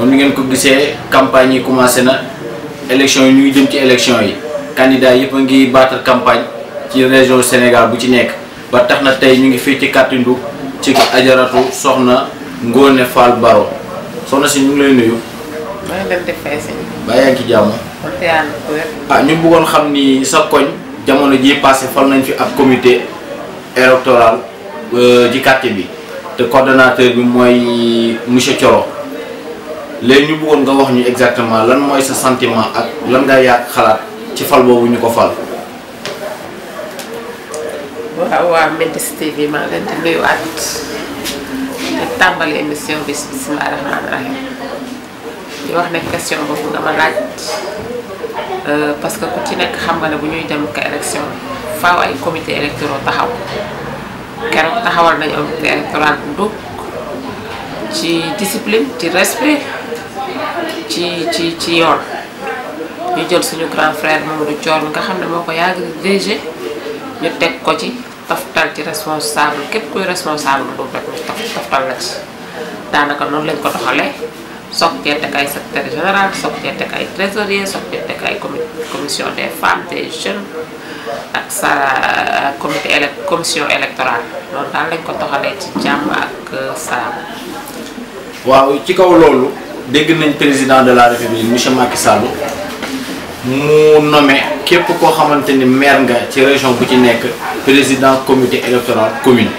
kon ni ngeen ko gisee campagne yi commencé na élection yi ñuy jëm ci élection yi candidat yëpp a ngi baatal campagne ci région Sénégal bu ci nekk ba tax na tey ñu ngi fii ci Kattindu ci ajaratu soxna Ngone Fall Baro soxna si ñu ngi lay nuyu. maa ngi leen di fay ba yaa ngi jàmm. ah ñu bëggoon xam ni sa koñ jamono ji passé fal nañ fi ab comité électoral euh, ci quartier bi te coordonnateur bi mooy monsieur Thioro. léegi ñu buggoon nga wax ñu exactement lan mooy sa sentiment ak lan nga yaag xalaat ci fal boobu ñu ko fal. waaw waaw Mettis TV maa ngi leen di nuyuwaat di tàmbali émission bi bisimilah rahmaani rahim di wax ne question boobu euh, parce que ku ci nekk xam nga ne bu ñuy dem ka élection faaw ay comité électoral taxaw keroog taxawal nañu am comité bu dugg ci discipline ci respect. ci ci ci yoon ñu jël suñu grand frère Mamadou Thior nga xam ne moo ko yàgg DG ñu teg ko ci taftal ci responsable képp kuy responsable bu rek ñu taftal la ci daanaka noonu lañ ko doxalee soog cee teg ay secrétaire général soog cee teg ay trésorier soog cee teg ay commission des femmes des jeunes ak sa commité éle commission électorale noonu daal lañ ko doxalee ci jàmm ak euh, salaam waaw ci kaw loolu dégg nañ président de la république monsieur Macky Sall mu nommé képp koo xamante ni maire nga ci région bu ci nekk président comité électoral commune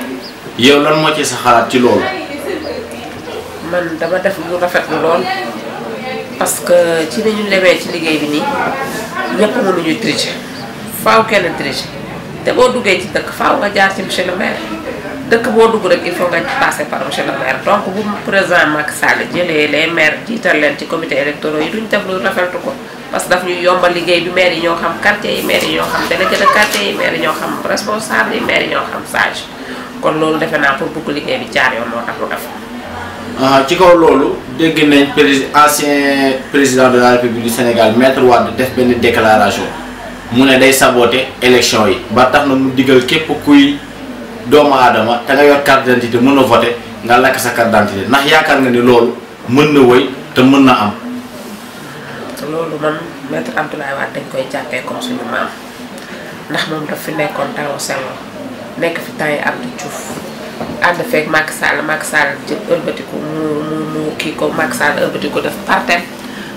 yow lan moo ci sa xalaat ci loolu. man dama def lu rafet lu lool parce que ci ni ñu ci liggéey bi nii ñëpp mënuñu tricher faaw kenn tricher te boo duggee ci dëkk faaw nga jaar ci monsieur le maire. dëkk boo dugg rek il faut nga passer par monsieur le maire donc bu président Macky Sall jëlee les maires jiital leen ci comité électoraux yi duñ def lu rafetlu ko parce que daf ñuy yombal liggéey bi maire yi ñoo xam quartier yi maire yi ñoo xam délégué de quartier yi maire yi ñoo xam responsable yi maire yi ñoo xam sage kon loolu defe naa pour bugg liggéey bi jaar yoon moo tax lu def ah, ci kaw loolu dégg nañ président de la république du Sénégal maître Wade def benn déclaration mu ne day saboter élection yi ba tax doomu aadama te nga yor carte d'identité mën a voté nga lakk sa carte d'identité ndax yaakaar nga ni loolu mën na woy te mën na am. loolu man maître Abdoulaye Wade dañ koy jàppee comme suñu maam ndax moom daf fi nekkoon taw selon nekk fi temps yi Abdou Diouf ànd feeg Macky Sall Macky Sall jël ëlbatiku mu mu mu kii ko Macky Sall ëlbatiku def partem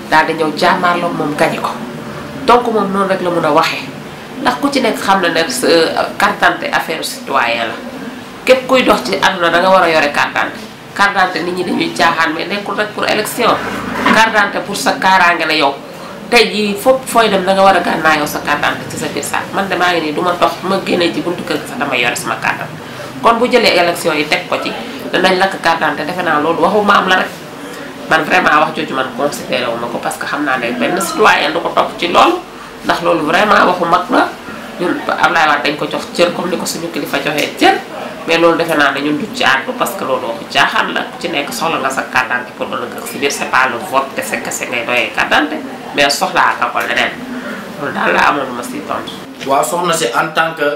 daal di ñëw jàmmaarloo moom gañe ko donc moom noonu rek la mun a waxee. ndax ku ci nekk xam na ne carte euh, d'identité affaire citoyen la képp kuy dox ci àdduna da nga war a yore carte d'identité carte d'identité nit ñi dañuy caaxaan mais nekkul rek pour élection carte pour sa kaaraange la yow tey jii fopp fooy dem da nga war a gànnaayoo sa carte d'identité ci sa biir man de maa ngi nii du ma dox ma génnee ci buntu kër gi sax dama yore sama carte kon bu jëlee élection yi teg ko ci danañ lakk carte d'identité defe naa loolu waxu maam la rek man vraiment wax jooju man considéré wu ma xam naa ne benn citoyen du ko topp ci loolu ndax loolu vraiment waxu mag la ñun Ablaye Wade dañ ko jox cër comme ni ko suñu kilifa joxee cër mais loolu defe naa ne ñun duñ ci àgg parce que loolu waxu caaxaan la ci nekk soxla nga sa carte d'identité pour ëllëg ak si biir c'est pas vote kese kese ngay doyee carte mais soxla nga ko leneen loolu daal la amoon ma si tontu. waaw soxna si en tant que.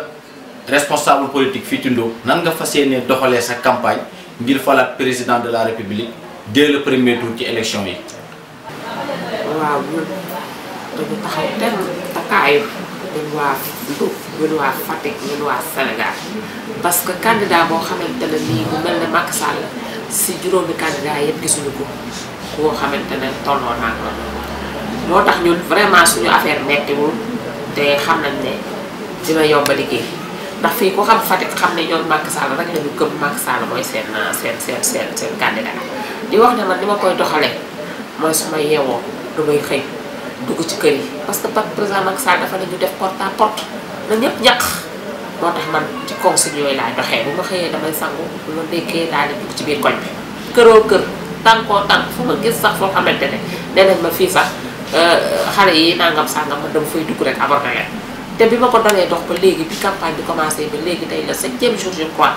responsable politique fii tundoo nan nga fas yéenee doxalee sa campagne ngir falaat président de la république dès premier tour ci élection yi. dañu que candidat boo xamante ne nii mel ne si juróomi candidat koo xamante ne tolloo tax ñun vraiment suñu affaire mettiwul te xam na ne dina yomb a liggéey ndax fii ku xam Fatick xam ne ñoom Macky Sall rek la ñu gëm Macky mooy seen seen seen seen seen candidat di wax ne man ni ma koy doxale mooy suma ma yeewoo du xëy. dugg ci kër yi parce que par président Macky Sall dafa ne ñu def porte à porte na ñëpp ñaq moo tax man ci consigne yooyu laay doxee bu ma xëyee damay sangu bu ma dékkee daal di dugg ci biir koñ bi këroo kër tànkoo tànk fu ma gis sax foo xamante ne nee nañ ma fii sax euh, xale yi nangam sangam man dama fay dugg rek aborder leen te bi ma ko dalee dox ba léegi bi campagne bi commencé ba léegi day la septième jour je crois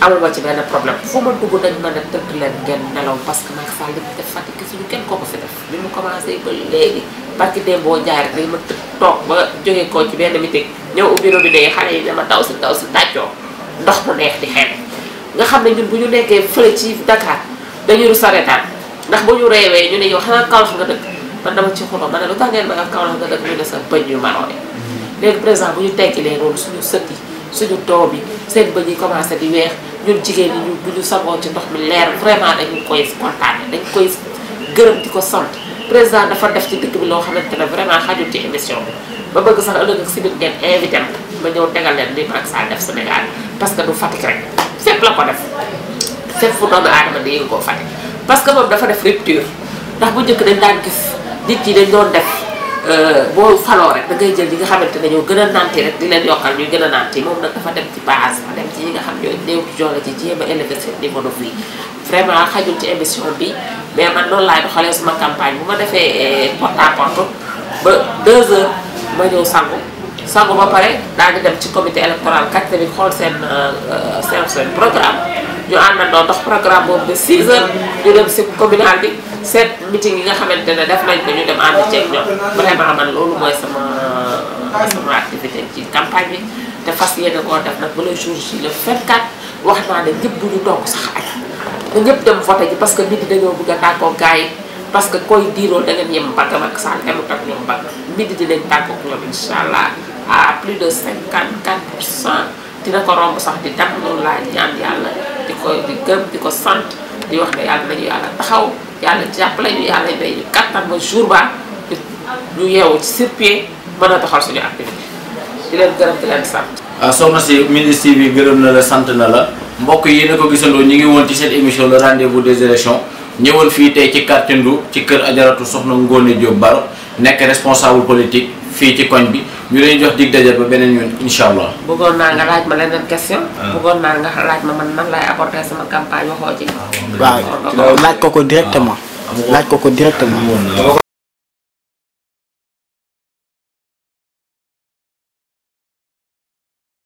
amuma ci benn problème fu ma dugg dañ ma ne tëdd leen ngeen nelaw parce que Macky Sall li mu def Fatick fii kenn koo fi def bi mu commencé ba léegi barki démb boo jaaree dañ ma toog ba jóge koo ci benn meeting ñëw ubbi robinet yi xale yi dama taw si taw si tàccoo ndox mu neex di xeeñ nga xam ne ñun bu ñu nekkee fële ci Dakar dañu rus a reetaan ndax bu ñu reewee ñu ne yow xanaa Kaolack nga dëkk man dama ci xuloo ma ne lu tax ngeen ma nga Kaolack nga dëkk ñu ne sa bëñ yu maroo léegi président bu ñu teggi leen loolu suñu sët suñu too bi seen bëñ yi commencé di weex ñun jigéen ñi ñu bu ñu saboo ci ndox mi leer vraiment dañu koy kontaane dañ koy gërëm di ko sant président dafa def ci dëkk bi loo xamante ne vraiment xajul ci émission bi ba bëgg sax ëllëg ak si ngeen invité ma ba ñëw tegal leen li Macky Sall def Sénégal parce que du Fatick rek fépp la ko def set fu doomu aadama di yëngu koo Fatick parce que moom dafa def rupture ndax bu jëkk dañ daan gis nit yi dañ doon def Euh, boo faloo rek da ngay jël ñi nga xamante ne ñoo gën a nanti rek di leen yokkal ñuy gën a nanti moom nag dafa dem ci base ba dem ci ñi nga xam ñooy néew ci joole ci jéem a élever seen niveau de vraiment xajul ci émission bi mais man noonu laay doxalee suma campagne bu ma defee euh, porte à ba 2 heures ma ñëw sangu sangu ba pare daal di dem ci comité électoral kat tamit xool seen euh, seen seen programme ñu àndandoo dox programme boobu de 6 heures ñu dem si communal bi. seet meeting yi nga xamante ne def nañ ko ñu dem ànd ceeg vraiment man loolu mooy sama sama activité ci campagne bi te fas yéene koo def nag ba le jour J le wax naa ne ñëpp bu ñu togg sax añ na ñëpp dem voté ji parce que nit ñi dañoo bëgg a tàggoo gars yi parce que koy diiroo da ngeen mbagg ak Sall emut ak ñoom mbagg midi dinañ tàggoog ñoom incha allah à plus de 54 pour cent dina ko romb sax di tàgg loolu laa ñaan yàlla di ko di gëm di ko sant di wax ne yàlla yàlla jàppale ñu yàlla may ñu kattan ba jour ba lu yeewu ci sur pied mën a doxal suñu activité di leen gërëm di leen sant. Ah, soxna si Mindiss TV gërëm na la sant na la mbokk yi na ko gisandoo ñu ngi woon ci seen émission le rendez-vous des élections ñëwal fii tey ci quartier Ndou ci kër ajaratu soxna Ngone Diop Baro nekk responsable politique. fii ci koñ bi ñu leen jox dig daje ba beneen yoon incha allah. bëggoon naa nga laaj ma leneen question. Ah. bëggoon naa nga laaj ma man nan laay apporter sama campagne waxoo ci. waaw laaj ko ko directement. Ah, laaj ko ko directement.